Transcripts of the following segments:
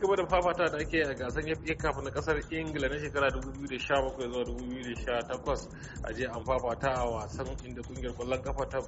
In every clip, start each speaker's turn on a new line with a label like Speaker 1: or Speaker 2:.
Speaker 1: gaba da fafata da ake a gasar FA kafin na kasar Ingila na shekara 2017 zuwa 2018 a je an fafata a wasan inda kungiyar kwallon kafa ta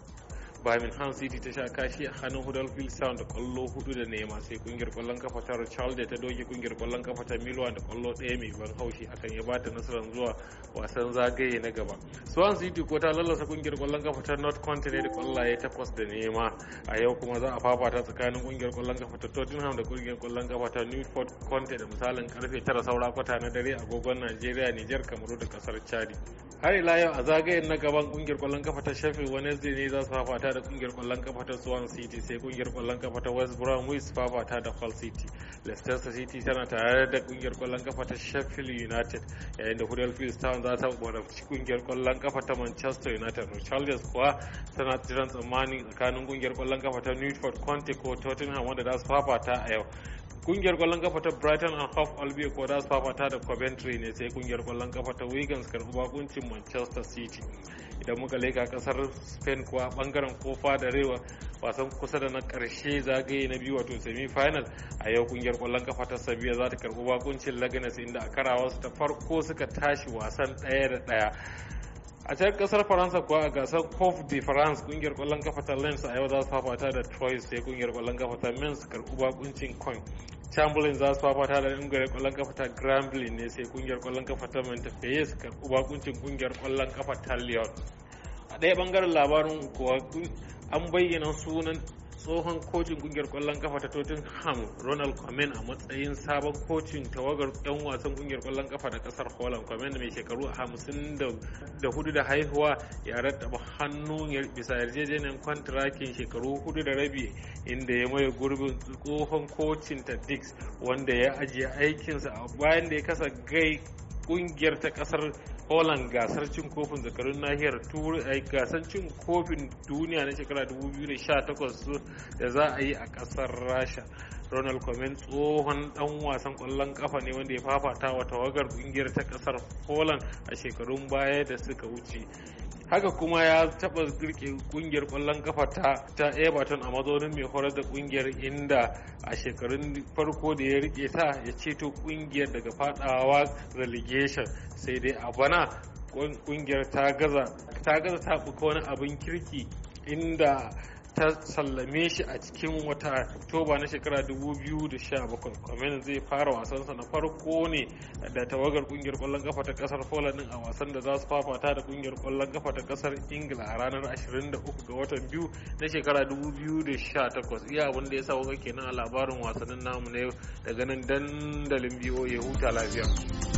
Speaker 1: han city ta sha kashi a hannun huddersfield sound da kwallo hudu da nema sai kungiyar kwallon kafa ta da ta doge kungiyar kwallon kafa ta milwa da kwallo daya mai ban haushi akan ya bata nasarar zuwa wasan zagaye na gaba swan city ko ta lallasa kungiyar kwallon kafa ta north continent da kwallaye takwas da nema a yau kuma za a fafata tsakanin kungiyar kwallon kafa ta tottenham da kungiyar kwallon kafa ta newport county da misalin karfe tara saura kwata na dare agogon najeriya niger kamaru da kasar chadi har ila yau a zagayen na gaban kungiyar kwallon kafa ta sheffield wednesday ne za su fafata da kungiyar kwallon kafa ta swan city sai kungiyar kwallon kafa ta west bromwich su fafata da hull city leicester city tana tare da kungiyar kwallon kafa ta sheffield united yayin da huddersfield town za ta wadafci kungiyar kwallon kafa ta manchester united charles kuwa tana jiran tsammanin tsakanin kungiyar kwallon kafa ta newport county ko tottenham wanda za su fafata a yau kungiyar kwallon kafa ta brighton and hove albion ko da fafata da coventry ne sai kungiyar kwallon kafa ta wigan su karbi bakuncin manchester city idan muka leka kasar spain kuwa bangaren kofa da rewa wasan kusa da na karshe zagaye na biyu wato semi final a yau kungiyar kwallon kafa ta sabiya za ta karbi bakuncin laganes inda a karawarsu ta farko suka tashi wasan ɗaya da ɗaya a cikin kasar faransa kuwa a gasar cof de france kungiyar kwallon kafa ta lens a yau za su fafata da troyes sai kungiyar kwallon kafa ta mins karɓi bakuncin coin chamberlain za su fafata da kungiyar kwallon kafa ta grambly ne sai kungiyar kwallon kafa ta montpellier karɓi bakuncin kungiyar kwallon kafa ta lyon a ɗaya bangaren labarin kuwa an bayyana sunan tsohon kocin kungiyar kwallon kafa ta Tottenham Ronald Koeman a matsayin sabon kocin tawagar 'yan wasan kungiyar kwallon kafa da kasar Holland Koeman mai shekaru 54 da haihuwa ya rattaba hannu bisa yarjejeniyar kwantirakin shekaru hudu da rabi inda ya maye gurbin tsohon kocin ta Dix wanda ya ajiye aikinsa a bayan da ya kasa gai kungiyar ta kasar holland gasar cin kofin zakarun nahiyar turai eh, gasar cin kofin duniya na shekara 2018 da za a yi a kasar rasha ronald komen tsohon dan wasan kwallon kafa ne wanda ya fafata wa tawagar kungiyar ta kasar holland a shekarun baya da suka wuce haka kuma ya taba girke kungiyar kwallon kafa ta ta Everton a mazaunin mai horar da kungiyar inda a shekarun farko da ya rike ta ya ceto kungiyar daga fadawa relegation sai dai a bana kungiyar ta gaza ta gaza ta wani abin kirki inda ta sallame shi a cikin wata Oktoba na shekara 2017 Komen zai fara wasansa na farko ne da tawagar kungiyar kwallon kafa ta kasar Poland a wasan da za su fafata da kungiyar kwallon kafa ta kasar Ingila a ranar 23 ga watan biyu na shekara 2018 iya abin da ya sa kenan a labarin wasannin namu na yau daga nan dandalin BOA huta lafiya.